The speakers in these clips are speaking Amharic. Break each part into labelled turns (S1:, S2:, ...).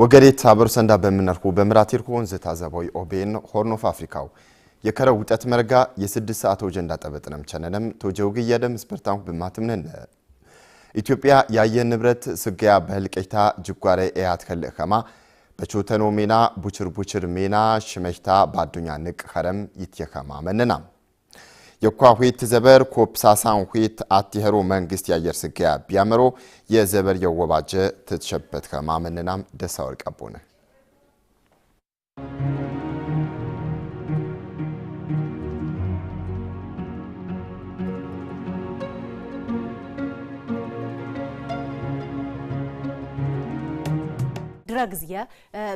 S1: ወገዴት አበሩ ሰንዳ በምነርኩ በምራቴርኩ ወንዝ ታዘባዊ ኦቤን ሆርን ኦፍ አፍሪካው የከረው ውጠት መርጋ የስድስት ሰዓት ወጀንዳ ጠበጥነም ቸነነም ቶጀውግ እያደም ስፐርታንኩ ብማትምነን ኢትዮጵያ የአየር ንብረት ስጋያ በህልቀይታ ጅጓሬ ኤያት ከልእ ኸማ በቾተኖ ሜና ቡችር ቡችር ሜና ሽመሽታ ባዱኛ ንቅ ከረም ይትየኸማ መነናም የኳ ዘበር ኮፕሳሳን ት አትሄሮ መንግስት የአየር ስጋያ ቢያምሮ የዘበር የወባጀ ትትሸበት ከማመንናም Thank you.
S2: ድረ ግዚየ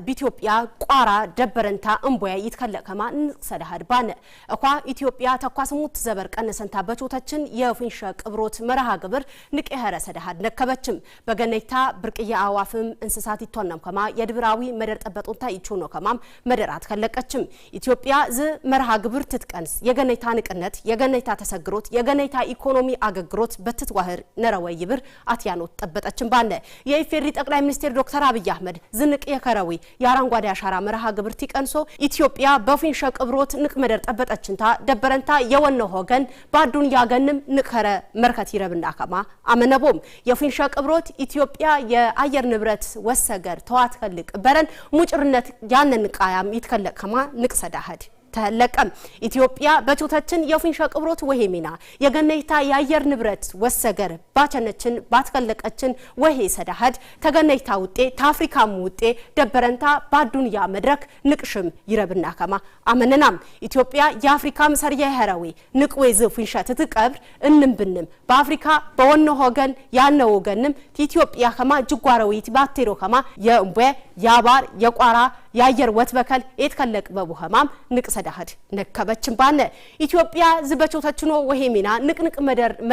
S2: ብኢትዮጵያ ቋራ ደበረንታ እንቦያ ይትከለከማ ንሰደሃድ ባነ እኳ ኢትዮጵያ ተኳስሙት ዘበር ቀነሰንታ በቾተችን የፊንሸ ቅብሮት መርሃ ግብር ንቄኸረ ሰደሃድ ነከበችም በገነይታ ብርቅየ አዋፍም እንስሳት ይቷናም ከማ የድብራዊ መደር ጠበጦንታ ነው ከማም መደራት ከለቀችም ኢትዮጵያ ዝ መርሃ ግብር ትትቀንስ የገነይታ ንቅነት የገነይታ ተሰግሮት የገነይታ ኢኮኖሚ አገግሮት በትትዋህር ነረወይ ይብር አትያኖት ጠበጠችን ባነ የኢፌሪ ጠቅላይ ሚኒስትር ዶክተር አብይ አህመድ ዝንቅ የከረዊ የአረንጓዴ አሻራ መርሃ ግብር ቲቀንሶ ኢትዮጵያ በፊንሸ ቅብሮት ንቅ መደር ጠበጠችንታ ደበረንታ የወነ ሆገን ባዱን ያገንም ንቅኸረ መርከት ይረብና ከማ አመነቦም የፊንሸ ቅብሮት ኢትዮጵያ የአየር ንብረት ወሰገር ተዋትከልቅ በረን ሙጭርነት ያነን ቃያም ይትከለቅ ከማ ንቅሰዳህድ ተለቀም ኢትዮጵያ በቾተችን የፊንሸ ቅብሮት ወሄ ሚና የገነይታ የአየር ንብረት ወሰገር ባቸነችን ባትከለቀችን ወሄ ሰዳሀድ ተገነይታ ውጤ ታፍሪካም ውጤ ደበረንታ ባዱንያ መድረክ ንቅሽም ይረብና ከማ አመነናም ኢትዮጵያ የአፍሪካ ሰርያ ሄራዊ ንቅዌ ዝ ፊንሸ ትትቀብር እንም ብንም በአፍሪካ በወነ ሆገን ያነ ወገንም ኢትዮጵያ ከማ ጅጓረዊት ባቴሮ ከማ የእምቦ ያባር የቋራ የአየር ወት በከል የትከለቅ በቡኸማም ንቅሰዳህድ ነከበችን ባነ ኢትዮጵያ ዝበቾተችኖ ወሄ ሚና ንቅንቅ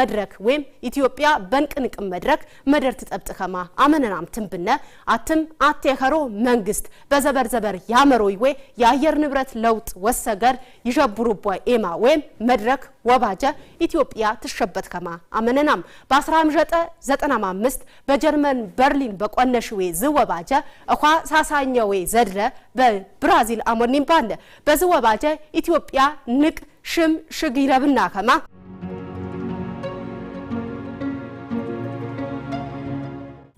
S2: መድረክ ወይም ኢትዮጵያ በንቅንቅ መድረክ መደር ትጠብጥኸማ አመነናም ትንብነ አትም አቴኸሮ መንግስት በዘበር ዘበር ያመሮይ ወይ የአየር ንብረት ለውጥ ወሰገር ይሸብሩቧ ኤማ ወይም መድረክ ወባጀ ኢትዮጵያ ትሸበት ከማ አመነናም በ1995 በጀርመን በርሊን በቆነሽዌ ዝወባጀ እኳ ሳሳኛዌ ዘድለ በብራዚል አሞኒም ባለ በዝወባጀ ኢትዮጵያ ንቅ ሽም ሽግ ይረብና ከማ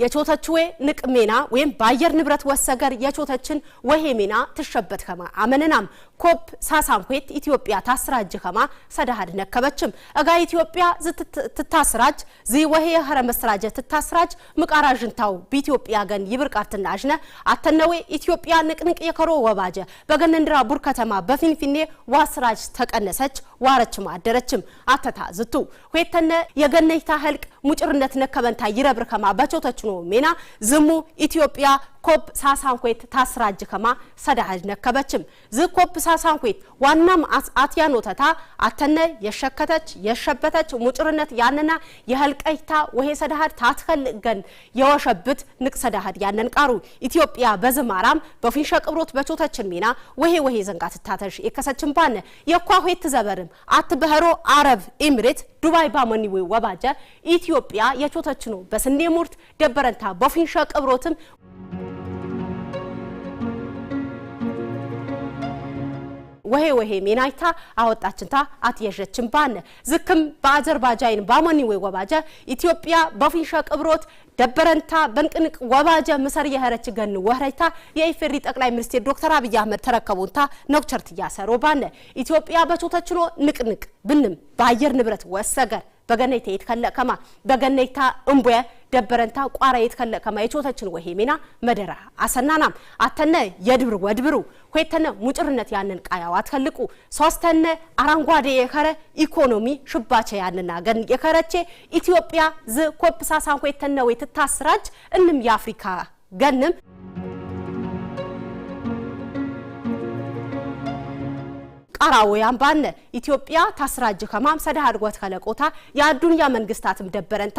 S2: የቾተችዌ ንቅ ሜና ወይም በአየር ንብረት ወሰገር የቾተችን ወሄ ሜና ትሸበት ከማ አመነናም ኮፕ ሳሳንኩት ኢትዮጵያ ታስራጅ ከማ ሰዳሃድ ነከበችም እጋ ኢትዮጵያ ትታስራጅ ዚወሄ ኸረ መስራጀ ትታስራጅ ምቃራጅንታው በኢትዮጵያ ገን ይብርቃርትና አጅነ አተነዌ ኢትዮጵያ ንቅንቅ የከሮ ወባጀ በገነንድራ ቡር ከተማ በፊንፊኔ ዋስራጅ ተቀነሰች ዋረችም አደረችም አተታ ዝቱ ሁየተነ የገነይታ ህልቅ ሙጭርነት ነከበንታ ይረብር ከማ በቾተች ነው ሜና ዝሙ ኢትዮጵያ ኮፕ ሳሳንኮት ታስራጅ ከማ ሰዳጅ ነከበችም ዝ ኮፕ ሳሳንኮት ዋናም ተታ አተነ የሸከተች የሸበተች ሙጭርነት ያንና የህልቀይታ ወሄ ሰዳሃድ ገን የወሸብት ንቅ ሰዳሃድ ያነን ቃሩ ኢትዮጵያ በዝማራም በፊንሸ ቅብሮት በቾተችን ሚና ወሄ ወሄ ዘንጋ ትታተሽ የከሰችን ባነ የኳ ሆት ዘበርም አትበህሮ አረብ ኤሚሬት ዱባይ ባመኒ ወባጀ ኢትዮጵያ የቾተች ነው በስኔ ሙርት ደበረንታ በፊንሸ ቅብሮትም ወሄ ወሄ ሜናይታ አወጣችንታ አትየዠችን ባነ ዝክም በአዘርባጃይን ባመኒ ወይ ወባጀ ኢትዮጵያ በፊንሸ ቅብሮት ደበረንታ በንቅንቅ ወባጀ ምሰር የኸረች ገን ወህረይታ የኢፌሪ ጠቅላይ ሚኒስትር ዶክተር አብይ አህመድ ተረከቡንታ ነኩቸርት እያሰሮ ባነ ኢትዮጵያ በቾተችኖ ንቅንቅ ብንም በአየር ንብረት ወሰገር በገነይታ የትከለእ ከማ በገነይታ እምቡየ ደበረንታ ቋራ የትከለእ ከማ የቾተችን ወሄ ሜና መደራ አሰናና አተነ የድብር ወድብሩ ሁለተነ ሙጭርነት ያንን ቃያው አትከልቁ ሶስተነ አረንጓዴ የከረ ኢኮኖሚ ሽባቸ ያንና ገን የከረቼ ኢትዮጵያ ዝ ኮፕሳሳን ሁለተነ ወይ ትታስራጅ እንም የአፍሪካ ገንም ቃራዊ ባነ ኢትዮጵያ ታስራጅ ከማም ሰዳሃድ ጎት ከለቆታ የአዱንያ መንግስታትም ደበረንታ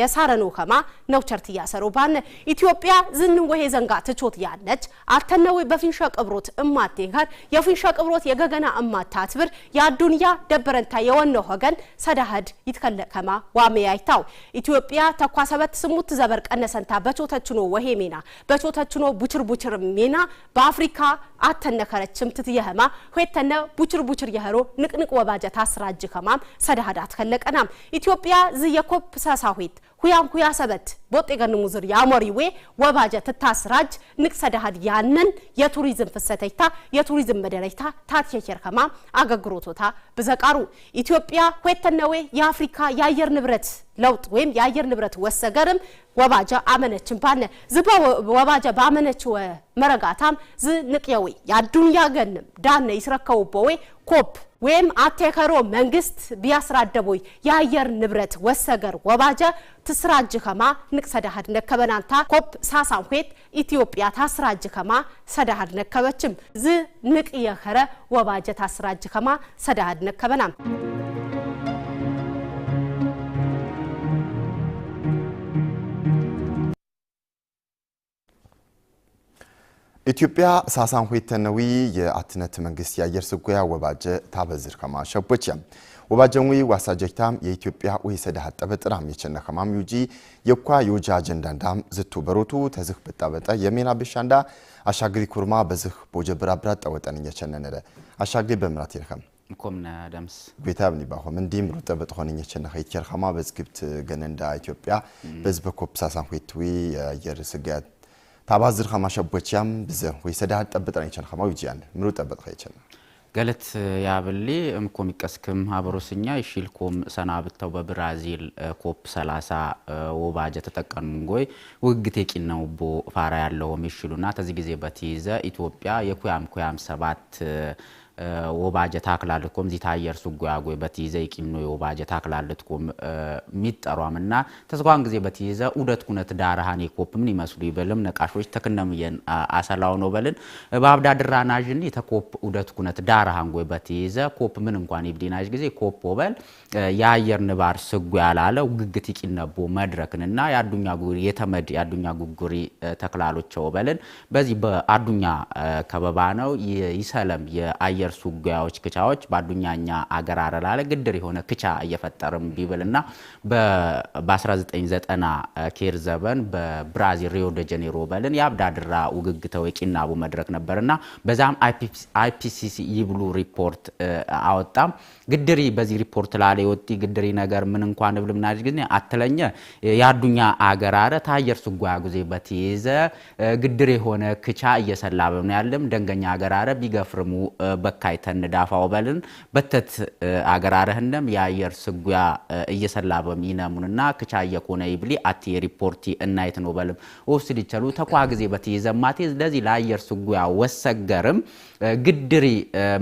S2: የሳረኖ ከማ ነው ቸርት እያሰሩ ባነ ኢትዮጵያ ዝን ወሄ ዘንጋ ትቾት ያነች አልተነዌ በፊንሻ ቅብሮት እማቴ ጋር የፊንሻ ቅብሮት የገገና እማታ ትብር የአዱንያ ደበረንታ የወነ ወገን ይትከለ ከማ ዋሜ አይታው ኢትዮጵያ ተኳ ሰበት ስሙት ዘበር ቀነሰንታ በቾተችኖ ወሄ ሜና በቾተችኖ ቡችር ቡችር ሜና በአፍሪካ አተነከረችም ትትየህማ ኬተነ ቡችር ቡችር የኸሮ ንቅንቅ ወባጀታ ስራጅ ከማም ሰዳሃዳት ከለቀናም ኢትዮጵያ ዝየኮፕ ሰሳሁት ሁያም ኩያ ሰበት ቦጤ ገን ሙዝር ያሞሪዌ ወባጀ ትታስራጅ ንቅሰዳሃድ ያነን የቱሪዝም ፍሰተይታ የቱሪዝም መደረይታ ታትሸሸር ከማ አገግሮቶታ ብዘቃሩ ኢትዮጵያ ሆተነዌ የአፍሪካ የአየር ንብረት ለውጥ ወይም የአየር ንብረት ወሰገርም ወባጀ አመነችን ባነ ዝባ ወባጀ ባመነች መረጋታም ዝንቅየዌ ያዱንያ ገንም ዳነ ይስረከውበዌ ኮፕ ወይም አቴከሮ መንግስት ቢያስራደቦይ የአየር ንብረት ወሰገር ወባጀ ትስራጅ ከማ ንቅሰዳሃድ ነከበናንታ ኮፕ ሳሳንኩት ኢትዮጵያ ታስራጅ ከማ ሰዳሃድ ነከበችም ዝ ንቅ የኸረ ወባጀ ታስራጅ ከማ ሰዳሃድ ነከበናም
S1: ኢትዮጵያ ሳሳን ሆይተነዊ የአትነት መንግስት የአየር ስጎያ ወባጀ ታበዝር ከማ ሸቦች ወባጀንዊ ዋሳጀታም የኢትዮጵያ ወይሰዳ ሀጠበ ጥራም የቸነ ከማም ዩጂ የኳ የውጃ አጀንዳንዳም ዝቱ በሮቱ ተዝህ በጣበጠ የሜና ብሻንዳ አሻግሪ ኩርማ በዝህ ቦጀ ብራብራ ጠወጠን የቸነነረ አሻግሪ በምራት ይርከም
S3: ኮምና ዳምስ
S1: ቤታብኒ ባሆም እንዲም ሩጠ በጥሆን የቸነ ኸይት ከርኸማ በዝግብት ገነንዳ ኢትዮጵያ በዝበኮፕ ሳሳን ሁትዊ የአየር ስጋት табазыр ቦቻም ብዘ ወይ сәдәһәт ጠብጠን ይቻል ኸማው ይጂያን ምሩ ጠብጥ ኸይቻል
S3: ገለት ያብሊ እምኮም ይቀስክም አብሮስኛ ይሽልኮም ሰናብተው በብራዚል ኮፕ 30 ወባጀ ተጠቀኑ ጎይ ውግት የቂል ነው ቦ ፋራ ያለውም ይሽሉና ተዚ ጊዜ በትይዘ ኢትዮጵያ የኩያም ኩያም ሰባት ወባጀ ታክላለትኩም ዚታየር ሱጓያጎ በትይዘ ይቂምኖ የወባጀ ታክላለትኩም ሚጠሯም እና ተስኳን ጊዜ በትይዘ ኡደት ኩነት ዳርሃን የኮፕ ምን ይመስሉ ይበልም ነቃሾች ተክነም የን አሰላው ነው በልን በአብዳ ድራናዥን የተኮፕ ኡደት ኩነት ዳርሃን ጎይ በትይዘ ኮፕ ምን እንኳን ይብዲናጅ ጊዜ ኮፕ ወበል የአየር ንባር ስጉ ያላለ ውግግት ይቂነቦ እና የአዱኛ ጉሪ የተመድ የአዱኛ ጉጉሪ ተክላሎቸው በልን በዚህ በአዱኛ ከበባ ነው ይሰለም የአየር የሚደርሱ ጉያዎች ክቻዎች በአዱኛኛ አገር አረላ ላይ ግድር የሆነ ክቻ እየፈጠርም ቢብልና በ1990 ኬር ዘበን በብራዚል ሪዮ ደ ጀኔሮ በልን የአብዳድራ ውግግተው የቂናቡ መድረክ ነበርና በዛም አይፒሲሲ ይብሉ ሪፖርት አወጣም ግድሪ በዚህ ሪፖርት ላለ የወጢ ግድሪ ነገር ምን እንኳን ብል ብልምና ግን አትለኘ የአዱኛ አገር አረ ታየር ስጓያ ጉዜ በትይዘ ግድር የሆነ ክቻ እየሰላ በምና ያለም ደንገኛ አገር አረ ቢገፍርሙ በ በካይ ተንዳፋው በልን በተት አገራረህንም የአየር ስጉያ እየሰላ በሚነሙንና ክቻ የኮነ ይብሊ አቲ ሪፖርቲ እናይት ነው በልም ወስድ ይቸሉ ተኳ ጊዜ በትይዘማቴ ለዚህ ለአየር ስጉያ ወሰገርም ግድሪ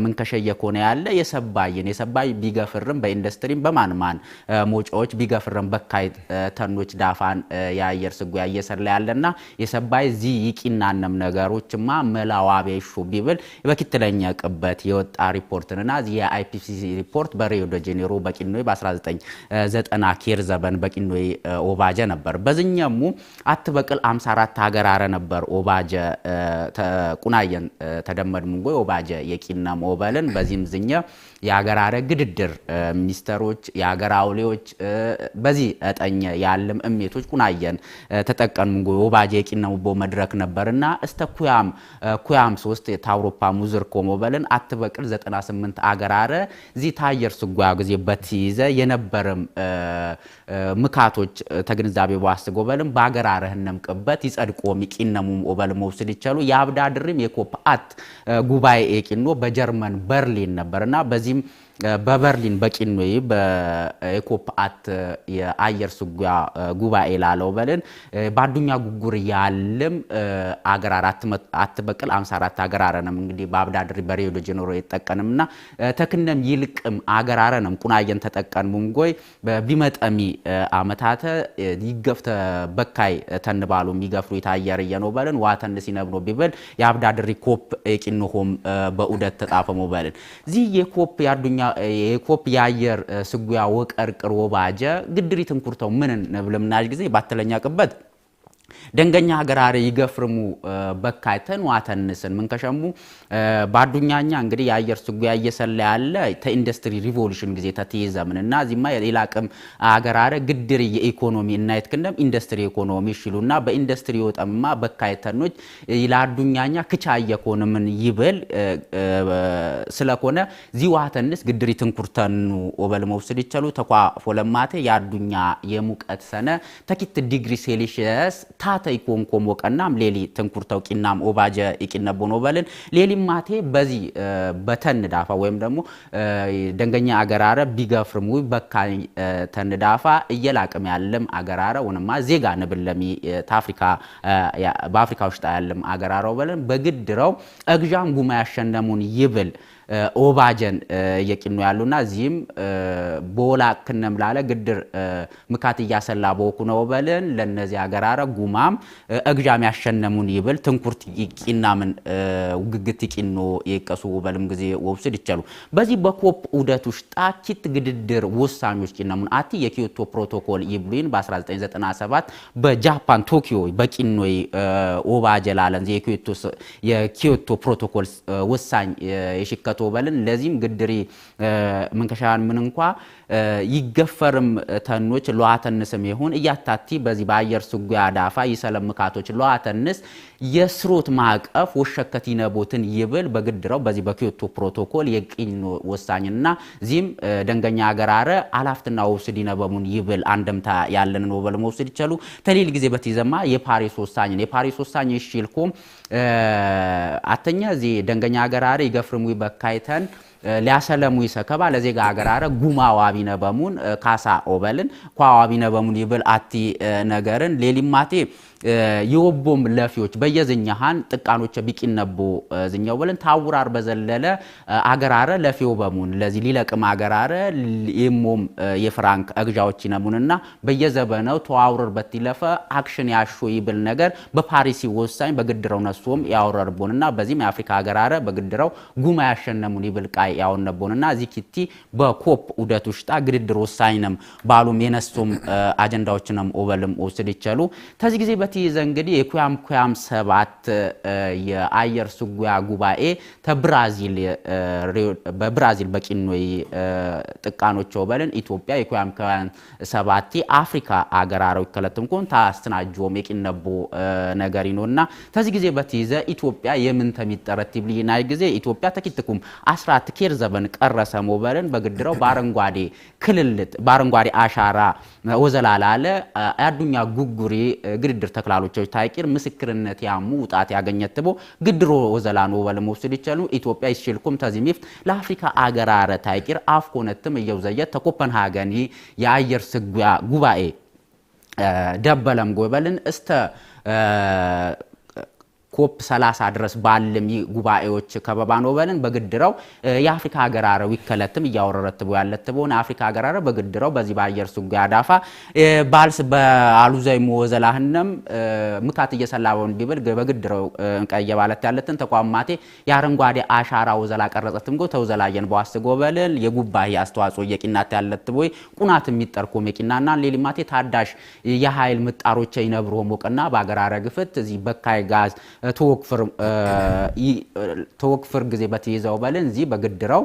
S3: ምንከሸየ ኮነ ያለ የሰባይን የሰባይ ቢገፍርም በኢንዱስትሪም በማንማን ሞጫዎች ቢገፍርም በካይ ተኖች ዳፋን የአየር ስጉያ እየሰላ ያለና የሰባይ ዚ ይቂናነም ነገሮችማ መላዋቤሹ ቢብል በኪትለኛ ቅበት ዕለት የወጣ ሪፖርት እና የአይፒሲሲ ሪፖርት በሪዮ ደ ጄኔሮ በቂኖ በ1990 ኬር ዘበን በቂኖ ኦባጀ ነበር። በዝኛሙ አትበቅል 54 ሀገር አረ ነበር ኦባጀ ቁናየን ተደመድ ሙንጎ ኦባጀ የቂነም ኦበልን በዚህም ዝኘ የሀገር አረ ግድድር ሚኒስተሮች የሀገር አውሌዎች በዚህ እጠኘ ያለም እሜቶች ቁናየን ተጠቀን ሙንጎ ኦባጀ የቂነም ቦ መድረክ ነበርና እስተ ኩያም ኩያም ሶስት የታውሮፓ ሙዝር ኮሞበልን በቅል 98 አገራረ ዚታ አየር ስጓ ጊዜ በትይዘ የነበርም ምካቶች ተግንዛቤ በዋስ ጎበልም በአገራረ ህነም ቅበት ይጸድቆ ሚቂነሙ ኦበል መውስድ ይቻሉ የአብዳድርም የኮፕአት ጉባኤ ቂኖ በጀርመን በርሊን ነበርና በዚህም በበርሊን በቂን ወይ በቂንዌይ አት የአየር ስጉያ ጉባኤ ላለው በልን በአዱኛ ጉጉር ያለም አገር አትበቅል 54 አገር አረነም እንግዲህ በአብዳድሪ በሬዮ ደ ጀኔሮ የጠቀንም እና ተክነም ይልቅም አገር አረነም ቁናየን ተጠቀን ሙንጎይ ቢመጠሚ አመታተ ይገፍተ በካይ ተንባሉ የሚገፍሩ የታየር እየነው በልን ዋተን ሲነብኖ ቢበል የአብዳድሪ ኮፕ ቂንሆም በኡደት ተጣፈሞ በልን እዚህ የኮፕ የአዱኛ የኮፕ የአየር ስጉያ ወቀርቅር ወባጀ ግድሪ ትንኩርተው ምንን ብለምናጅ ጊዜ ባተለኛ ቅበት ደንገኛ ሀገር ሀገራሪ ይገፍርሙ በካይተን ዋተንስን ምንከሸሙ ባዱኛኛ እንግዲህ የአየር ስጉያ እየሰለ ያለ ተኢንዱስትሪ ሪቮሉሽን ጊዜ ተትይዘምን እና እዚማ ሀገር አረ ግድር የኢኮኖሚ እናየት ክንደም ኢንዱስትሪ ኢኮኖሚ ይሽሉና በኢንዱስትሪ ወጠምማ በካይተኖች ይላዱኛኛ ክቻ እየኮንምን ይበል ስለኮነ ዚዋተንስ ግድሪ ትንኩርተኑ ወበል መውሰድ ይቻሉ ተኳ ፎለማቴ ያዱኛ የሙቀት ሰነ ተኪት ዲግሪ ሴሊሽስ ታ ሳተ ኢኮንኮም ወቀናም ሌሊ ትንኩርተው ቂናም ኦባጀ ኢቂነቦ ነው በልን ሌሊ ማቴ በዚህ በተን ዳፋ ወይም ደግሞ ደንገኛ አገራረ ቢገፍርሙ በካ ተን ዳፋ እየላቅም ያለም አገራረ ወንማ ዜጋ ንብለሚ ታፍሪካ በአፍሪካ ውስጥ ያለም አገራራው በልን በግድረው እግዣም ጉማ ያሸነሙን ይብል ኦባጀን እየቂኑ ያሉና እዚህም ቦላ ክነም ላለ ግድር ምካት እያሰላ በወኩ ነው በልን ለነዚህ አገራረ ጉማም እግዣም ያሸነሙን ይብል ትንኩርት ይቂናምን ውግግት ይቂኖ የቀሱ በልም ጊዜ ወብስድ ይቻሉ በዚህ በኮፕ ውደት ውስጥ ኪት ግድድር ውሳኞች ቂናሙን አቲ የኪዮቶ ፕሮቶኮል ይብሉን በ1997 በጃፓን ቶኪዮ በቂኖይ ኦባጀ ላለን የኪዮቶ ፕሮቶኮል ውሳኝ የሽከቱ ከቶ በልን ለዚህም ግድሪ መንከሻን ምን እንኳ ይገፈርም ተኖች ለዋተንስም ይሁን እያታቲ በዚህ በአየር ስጉ ያዳፋ ይሰለም ካቶች ለዋተንስ የስሩት ማዕቀፍ ወሸከቲነቦትን ይብል በግድረው በዚህ በኪዮቶ ፕሮቶኮል የቅኝ ወሳኝና ዚህም ደንገኛ ሀገር አረ አላፍትና ወስዲነ ይነበሙን ይብል አንደምታ ያለን ኖበል በል መውሰድ ይቻሉ ተሊል ጊዜ በትይዘማ የፓሪስ ወሳኝ የፓሪስ ወሳኝ ይሽልኩ አተኛ ዚ ደንገኛ ሀገር አረ ይገፍርሙ በካይተን ሊያሰለሙ ይሰከባ ለዜጋ አገራረ ጉማ ዋቢነ ነበሙን ካሳ ኦበልን ኳ ዋቢነ በሙን ይብል አቲ ነገርን ሌሊማቴ የወቦም ለፊዎች በየዝኛሃን ጥቃኖች ቢቂነቦ ዝኛው በለን ታውራር በዘለለ አገራረ ለፊው በሙን ለዚህ ሊለቅም አገራረ የሞም የፍራንክ እግዣዎች ይነሙንና በየዘበነው ተዋውረር በትለፈ አክሽን ያሾ ይብል ነገር በፓሪስ ወሳኝ በግድረው ነሱም ያወረርቦንና በዚህም የአፍሪካ አገራረ በግድረው ጉማ ያሸነሙን ይብል ቃይ ያወነቦንና እዚህ ኪቲ በኮፕ ውደት ውሽጣ ግድድር ወሳኝ ነም ባሉም የነሱም አጀንዳዎችንም ኦበልም ወስድ ይቻሉ ተዚህ ጊዜ ይዘ እንግዲህ የኩያም ኩያም ሰባት የአየር ስጉያ ጉባኤ ተብራዚል በብራዚል በቂኖይ ጥቃኖች ወበልን ኢትዮጵያ የኩያም ኩያም ሰባት አፍሪካ አረው አገራረው ኮን ታስተናጆም የቂነቦ ነገሪ ነው እና ተዚህ ጊዜ በትይዘ ኢትዮጵያ የምን ይብል ልይናይ ጊዜ ኢትዮጵያ ተኪትኩም አስራት ኬር ዘበን ቀረሰ ሞበልን በግድረው በአረንጓዴ ክልልት በአረንጓዴ አሻራ ወዘላላለ አዱኛ ጉጉሪ ግድድር ተክላሎቾች ታይቂር ምስክርነት ያሙ ውጣት ያገኘትቦ ግድሮ ወዘላኑ ወለመውሰድ ይቻሉ ኢትዮጵያ ይሽልኩም ተዚሚፍት ለአፍሪካ አገራረ ታይቂር አፍ ኮነትም ተኮፐንሃገን የአየር ስጉያ ጉባኤ ደበለም ጎበልን እስተ ኮፕ 30 ድረስ ባለም ጉባኤዎች ከበባ ነው በልን በግድረው የአፍሪካ ሀገራረ ይከለትም እያወረረትቦ ያለትቦን አፍሪካ ሀገራረ በግድረው በዚህ በአየር ስጉ ያዳፋ ባልስ በአሉዛይ ወዘላህነም ሙታት እየሰላበው እንዲብል በግድረው እንቀየ ባለት ያለትን ተቋማቴ የአረንጓዴ አሻራ ወዘላ ቀረጸትም ጎ ተውዘላየን በዋስ ጎበልን የጉባኤ አስተዋጽኦ የቂናት ያለትቦይ ቁናት የሚጠርኩም የቂናና ሌሊማቴ ታዳሽ የኃይል ምጣሮች ይነብሮ ሞቅና በአገራረ ግፍት እዚህ በካይ ጋዝ ተወክፍር ጊዜ በቲ ይዘውበልን እዚህ በግድረው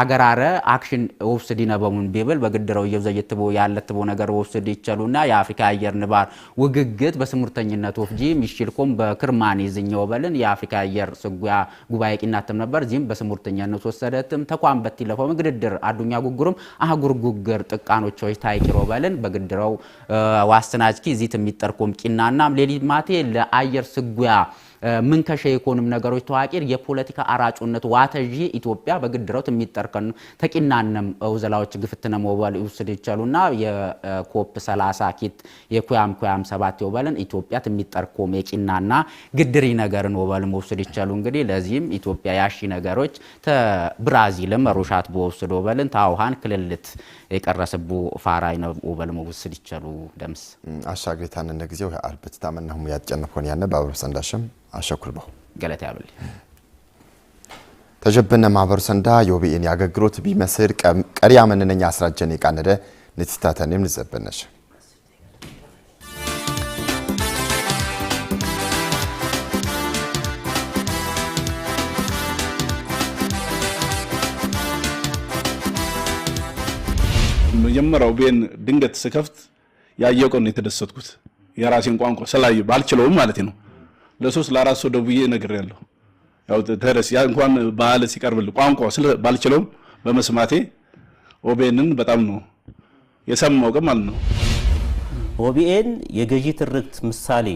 S3: አገራረ አክሽን ወብስዲ ነበሙን ቢብል በግድረው እየብዘየትቦ ያለትቦ ነገር ወብስዲ ይቸሉና የአፍሪካ አየር ንባር ውግግት በስሙርተኝነት ወፍጂ ሚሽልኮም በክርማኒ ዝኛው በልን የአፍሪካ አየር ስጉያ ጉባኤ ቂናትም ነበር እዚህም በስሙርተኝነት ወሰደትም ተቋም በትለፈው ለፈው ምግድድር አዱኛ ጉጉሩም አህጉር ጉግር ጥቃኖቾች ታይቂሮ ታይኪሮ በልን በግድረው ዋስትናጅኪ እዚህ የሚጠርቆም ቂናና ሌሊት ማቴ ለአየር ስጉያ ምንከሸ የኮኑም ነገሮች ተዋቂር የፖለቲካ አራጩነት ዋተዥ ኢትዮጵያ በግድረት የሚጠርከኑ ተቂናነም ውዘላዎች ግፍትነ ሞባል ውስድ ይቻሉ ና የኮፕ 30 ኪት የኩያም ኩያም ሰባት ይወባልን ኢትዮጵያ የሚጠርኮም የቂናና ግድሪ ነገርን ወበል መውስድ ይቻሉ እንግዲህ ለዚህም ኢትዮጵያ ያሺ ነገሮች ተብራዚልም ሩሻት በወስድ ወበልን ታውሃን ክልልት የቀረስቡ ፋራይ ነው ውበልሞ ውስድ ይቸሉ ደምስ
S1: አሻግሪታን እንደ ጊዜው አርብት ታመናሁም ያትጨንፎን ያነ ባብሮ ሰንዳሽም አሸኩልበው ገለታ ያብል ተጀብነ ማህበሩ ሰንዳ ዮቤኤን ያገግሮት ቢመስር ቀሪያ መንነኛ አስራጀን የቃነደ ንትታተንም ንዘበነሽ
S4: የመጀመሪያው ቤን ድንገት ስከፍት ያየው የተደሰትኩት የራሴን ቋንቋ ስላዩ ባልችለውም ማለት ነው። ለሶስት ለአራት ሰው ደውዬ ነገር ያለው ያው ተረስ ያ እንኳን በዓል ሲቀርብል ቋንቋ ባልችለውም በመስማቴ ኦቤንን በጣም ነው የሰማው ቀን ማለት ነው።
S3: ኦቢኤን የገዢ ትርክት ምሳሌ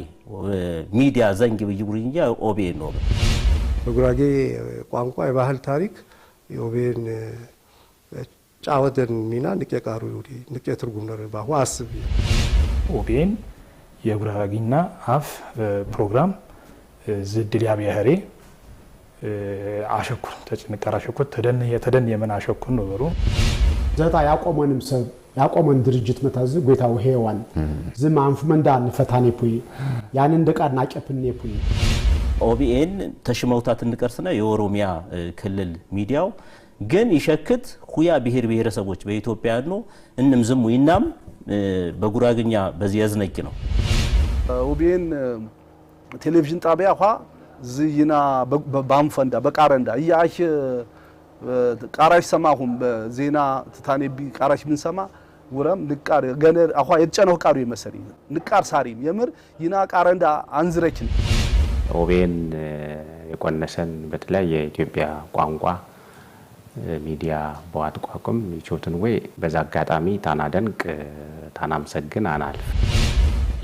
S3: ሚዲያ ዘንግ ብይ ጉርንጃ ኦቢኤን ነው።
S4: በጉራጌ ቋንቋ የባህል ታሪክ የኦቢኤን ጫወደን ሚና ንቄ ቃሩ ይሁዲ ንቄ ትርጉም ነርባሁ አስብ
S5: ኦቤን የጉራጊና አፍ ፕሮግራም ዝድልያ ብሔሬ አሸኩን ተጭንቀር አሸኩር ተደን የተደን የመን አሸኩን ነው በሩ
S6: ዘታ ያቆመንም ሰብ ያቆመን ድርጅት መታዝ ጎይታው ሄዋን ዝም አንፍ መንዳ ንፈታኔ ፑይ ያን እንደቃና አቀፍኔ ፑይ
S3: ኦቢኤን ተሽመውታት እንቀርስና የኦሮሚያ ክልል ሚዲያው ግን ይሸክት ሁያ ብሔር ብሔረሰቦች በኢትዮጵያ ያሉ እንም ዝሙ ይናም በጉራግኛ በዚህ ያዝነቂ ነው
S4: ኦቢኤን ቴሌቪዥን ጣቢያ ኋ ዝይና ባንፈንዳ በቃረንዳ እያሽ ቃራሽ ሰማሁም በዜና ትታኔ ቃራሽ ብንሰማ ውረም ንቃር ገነ አኳ የተጨነው ቃሩ ይመሰል ንቃር ሳሪም የምር ይና ቃረንዳ አንዝረችን
S7: ኦቤን የቆነሰን በተለያየ የኢትዮጵያ ቋንቋ ሚዲያ በዋትቋቁም ችትን ወይ በዛ አጋጣሚ ታና ደንቅ ታና መሰግን አናልፍ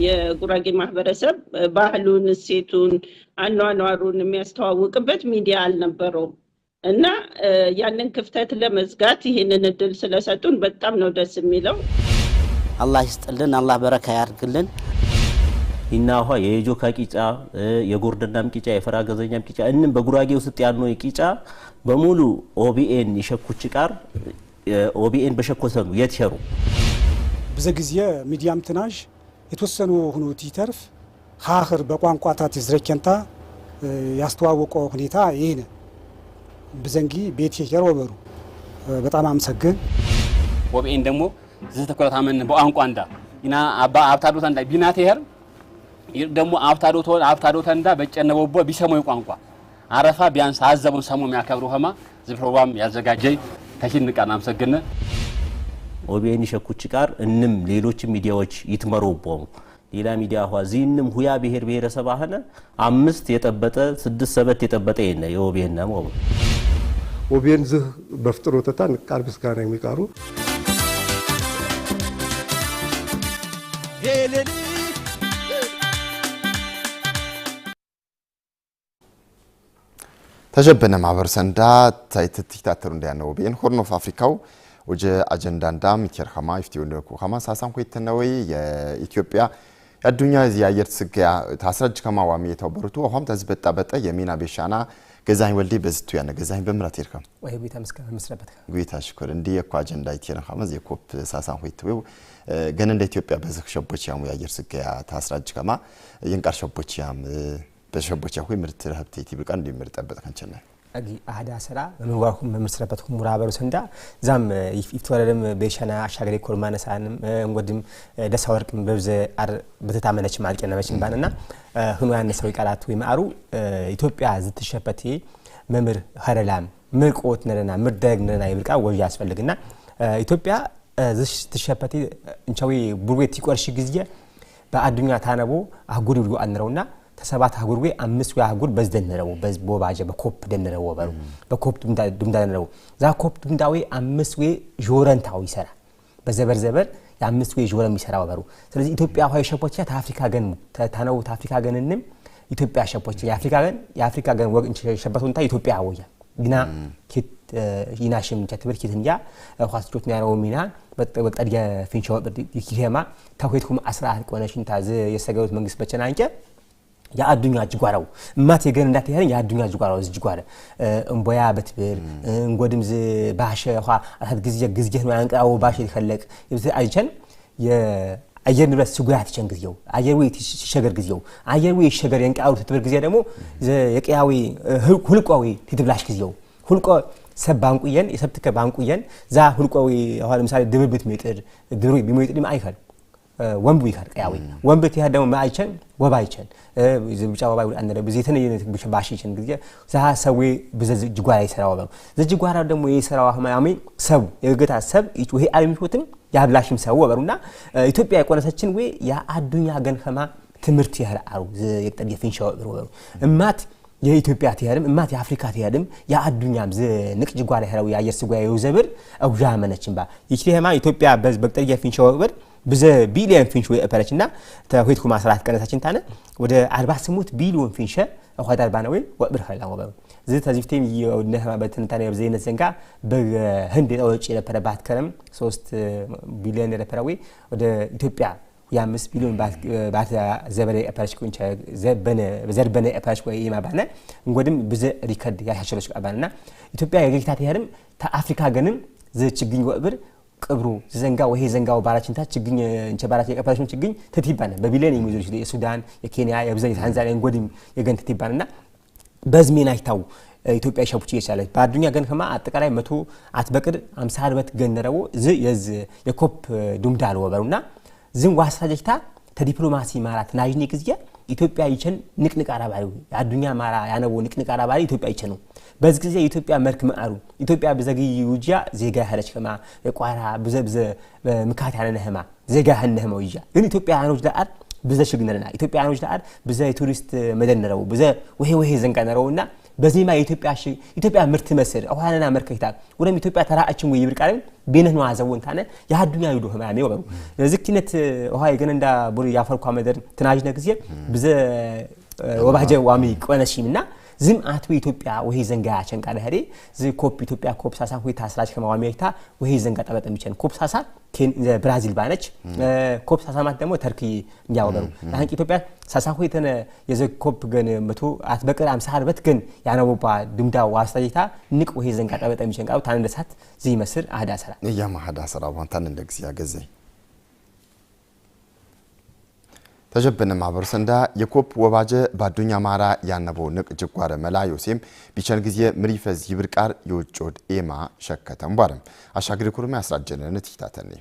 S8: የጉራጌ ማህበረሰብ ባህሉን፣ እሴቱን፣ አኗኗሩን የሚያስተዋውቅበት ሚዲያ አልነበረውም እና ያንን ክፍተት ለመዝጋት ይህንን እድል ስለሰጡን በጣም ነው ደስ የሚለው።
S3: አላህ ይስጥልን። አላህ በረካ ያርግልን። ሂና ውሃ የየጆካ ቂጫ የጎርደናም ቂጫ የፈራ ገዘኛም ቂጫ እንም በጉራጌ ውስጥ ያኖ የቂጫ በሙሉ ኦቢኤን ይሸኩች ቃር ኦቢኤን በሸኮሰኑ የት ሸሩ
S6: ብዘ ጊዜ ሚዲያም ትናሽ የተወሰኑ ሁኑት ይተርፍ ሀህር ታት ዝረኬንታ ያስተዋወቀ ሁኔታ ይህ ነ ብዘንጊ ቤት ሸር ወበሩ በጣም አመሰግን
S9: ኦቢኤን ደግሞ ዝተኮለታመን በቋንቋ እንዳ ኢና አባ አብታዶታ እንዳ ቢናቴ ሄር ደግሞ አፍታዶ ተንዳ በጨነበው ቦ ቢሰሞይ ቋንቋ አረፋ ቢያንስ አዘቡን ሰሙ የሚያከብሩ ሆማ ዚህ ፕሮግራም ያዘጋጀይ ተሽን አመሰግነ
S3: ኦቢኤን ሸኩች ቃር እንም ሌሎች ሚዲያዎች ይትመሩ ይትመሩቦሙ ሌላ ሚዲያ ኋ ዚህንም ሁያ ብሔር ብሔረሰብ አህነ አምስት የጠበጠ ስድስት ሰበት የጠበጠ የነ የኦቢኤን ነሞ
S6: ኦቢኤን ዝህ በፍጥሮተታን ቃል ምስጋና የሚቃሩ
S1: ተሸበነ ማህበረሰብ እንዳ ታይትትታተሩ እንዳያነው ቢኤን ሆርን ኦፍ አፍሪካው ወጀ አጀንዳ እንዳም ይከር ኸማ ይፍቲው እንደኩ ኸማ ሳሳን ኮይተነወይ የኢትዮጵያ የአዱኛ እዚ አየር ስጋ ታስረጅ ከማ ዋሚ የተወበሩቱ አሁን ተዝ በጣ በጣ የሚና ቤሻና ገዛኝ ወልዴ በዝቱ ያነ ገዛኝ በምራት ይርከም
S2: ወይ ቤታ መስከረ መስረበት
S1: ጉይታ ሽኩር እንዲ የኮ አጀንዳ ይተነ ኸማ ዚ ኮፕ ሳሳን ኮይት ኮይተው ገነ እንደ ኢትዮጵያ በዝክ ሸቦች ያሙ የአየር ስጋ ታስረጅ ከማ የንቃር ሸቦች ያም በሸቦቻ በሸቦቻሁ ምርት ረሀብቴቲ ብቃ እንደሚመርጠበት ከንችናል
S10: አጊ አህዳ ስራ በምንጓርኩም በምስረበትኩም ሙራበሩ ስንዳ ዛም ይፍትወረደም በሻና አሻገሬ ኮርማነሳንም እንጎድም ደሳ ወርቅም በብዘ አር በተታመነች ማልቀና መችን ባንና ህኑ ያነሰው ቃላት ወይ ማሩ ኢትዮጵያ ዝትሸፈቴ መምር ሀረላም ምርቆት ነረና ምርደግ ነረና ይብቃ ወጅ ያስፈልግና ኢትዮጵያ ዝትሸፈቴ እንቻዊ ቡርቤት ይቆርሽ ጊዜ በአዱኛ ታነቦ አጉድ ብሉ አንረውና ተሰባት አህጉር ወይ አምስት ወይ አህጉር በዝ ደንረው በዝ ቦባጀ በኮፕ ደነረው ወበሩ በኮፕ ዱምዳ ዱምዳ ደነረው ዛ ኮፕ ዱምዳ ወይ አምስት ወይ ጆረንታው ይሰራ በዘበር ዘበር የአምስት ወይ ጆረም ይሰራ ወበሩ ስለዚህ ኢትዮጵያ ሆይ ያ ታፍሪካ ገን ታነው ታፍሪካ ገንንም ኢትዮጵያ ሸፖቻ የአፍሪካ ገን የአፍሪካ ገን ወግ እንቺ ሸበቱንታ ኢትዮጵያ አወያ ግና ኪት ይና ቻ ትብር ኪት እንጃ ኪትንያ ኳስቾት ያረው ሚና በጠድያ ፊንቻው ይሄማ ታሁትኩም 14 ቆነሽንታ የሰገሩት መንግስት በቸናንጨ የአዱኛ ጅጓራው እማት የገን እንዳትያለኝ የአዱኛ እጅጓራው እጅጓረ እንቦያ በትብል እንጎድም ዝ ባሸ ኳ አታት ጊዜ ጊዜ ነው አንቀራው ባሸ ይፈለቅ ይብዝ አይቸን የአየር ንብረት ስጉያት ቸን ጊዜው አየር ወይ ሲሸገር ጊዜው አየር ወይ ይሸገር የንቃው ትብር ጊዜ ደግሞ የቀያዊ ሁልቋዊ ትትብላሽ ጊዜው ሁልቆ ሰብ ባንቁየን የሰብትከ ባንቁየን ዛ ሁልቆዊ አሁን ለምሳሌ ድብብት ሜጥር ድሩ ቢሜጥር አይፈል ወንብ ይካል ቀያዊ ወንብ ትያ ደሞ ማይቸን ወባይቸን ብጫ ወባይ አንደ ደሞ ዘይተነ የነት ብሽ ባሽችን ግዜ ዛ ሰው በዘ ጅጓራ ይሰራው ነው ዘጅ ጓራ ደሞ ይሰራው አህማያሚ ሰው የገታ ሰብ ይሄ አልሚፎትም ያብላሽም ሰው ወበሩና ኢትዮጵያ የቆነሰችን ወይ ያ አዱኛ ገን ከማ ትምህርት ያራሩ የቅጠር የፊንሻው ወበሩ እማት የኢትዮጵያ ትያድም እማት የአፍሪካ ትያድም የአዱኛም ንቅ ጅጓራ ሄረው የአየር ስጓ የውዘብር አጉጃ መነችን ባ ይችላማ ኢትዮጵያ በዝ በቅጠል የፊንሻው ወበሩ ብዘ ቢልዮን ፊንሽ ወይ እፈረች እና ተሁትኩ ማስራት ቀነታችን ታነ ወደ 48 ቢልዮን ፊንሸ አኳት አርባና ወይ ወብር ኸላ ወበሩ እዚ ተዚፍቴም ይወድነህ ማበትን ታነ በዘይነት ዘንጋ በህንድ የጠወጭ የነበረ ባት ከረም 3 ቢልዮን የነበረ ወይ ወደ ኢትዮጵያ የአምስት ቢሊዮን ባት ዘበነ ኤፓች ዘርበነ ኤፓች የማባነ እንጎድም ብዘ ሪከርድ ያሻሸሎች አባና ኢትዮጵያ የግግታት ያህልም ተአፍሪካ ገንም ዝችግኝ ወእብር ቅብሩ ዘንጋ ወይ ዘንጋው ባራችንታ ችግኝ እንቸ ባራት የቀፋሽን ችግኝ ትትይባና በቢሊዮን የሚዞር የሱዳን የኬንያ የብዛኝ ታንዛኒያ እንጎድም የገን ትትይባና በዝሜን አይታው ኢትዮጵያ ሻቡች እየቻለች በአዱኛ ገን ከማ አጠቃላይ መቶ አትበቅድ አምሳ አርበት ገነረቦ ዝ የዝ የኮፕ ዱምዳ አልወበሩና ዝን ዋሳጀታ ተዲፕሎማሲ ማራት ናጅኔ ጊዜ ኢትዮጵያ ይቸን ንቅንቅ አራባሪ አዱኛ ማራ ያነቦ ንቅንቅ አራባሪ ኢትዮጵያ ይቸ ነው በዚህ ጊዜ ኢትዮጵያ መልክ መኣሩ ኢትዮጵያ ብዘግይ ውጃ ዜጋ ሃለች ከማ የቋራ ብዘብዘ ምካት ያነነህማ ዜጋ ህነህመ ውጃ ግን ኢትዮጵያኖች ለአር ብዘ ሽግነና ኢትዮጵያኖች ለአር ብዘ የቱሪስት መደን ነረቡ ብዘ ወሄ ወሄ እና በዚህ ማ ኢትዮጵያ ምርት መስር ኣዋነና መርከታ ወደም ኢትዮጵያ ተራእችን ወይ ይብል ቤነህ ነው አዘውን ዘውን ታነ የሃዱኛ ይዱ ነው ወበሩ እዚ ኪነት ኦሃይ ገነ እንዳ ቡር ያፈርኳ መደር ትናጅነ ጊዜ ብዘ ወባጀ ዋሚ ቆነሽምና ዝም አትዌ ኢትዮጵያ ወሄ ዘንጋ ያቸንቃ ደህሪ ዝ ኮፕ ኢትዮጵያ ኮፕ ሳሳ ሁይ ታስራች ከማው አሜሪካ ወሄ ዘንጋ ጠበጠም ይቸን ኮፕ ሳሳ ብራዚል ባነች ኮፕ ሳሳ ማለት ደግሞ ተርኪ እንዲያወገሩ ዳንቂ ኢትዮጵያ ሳሳ ሁይ ተነ የዘ ኮፕ ገን መቶ አትበቀር 50 አርበት ግን ያነቦባ ድምዳ ዋስታጅታ ንቅ ወሄ ዘንጋ ጠበጠም ይቸን ቃው ታን እንደሳት ዝ ይመስል አህዳ ሰራ
S1: እያማ አህዳ ሰራ ባንታን እንደግዚያ ገዘኝ ተጀብን ማበር ሰንዳ የኮፕ ወባጀ ባዱኛ ማራ ያነቦ ንቅ ጅጓረ መላ ዮሴም ቢቸን ጊዜ ምሪፈዝ ይብርቃር ወድ ኤማ ሸከተም ባረም አሻግሪ ኩርማ ያስራጀነን ትይታተኔ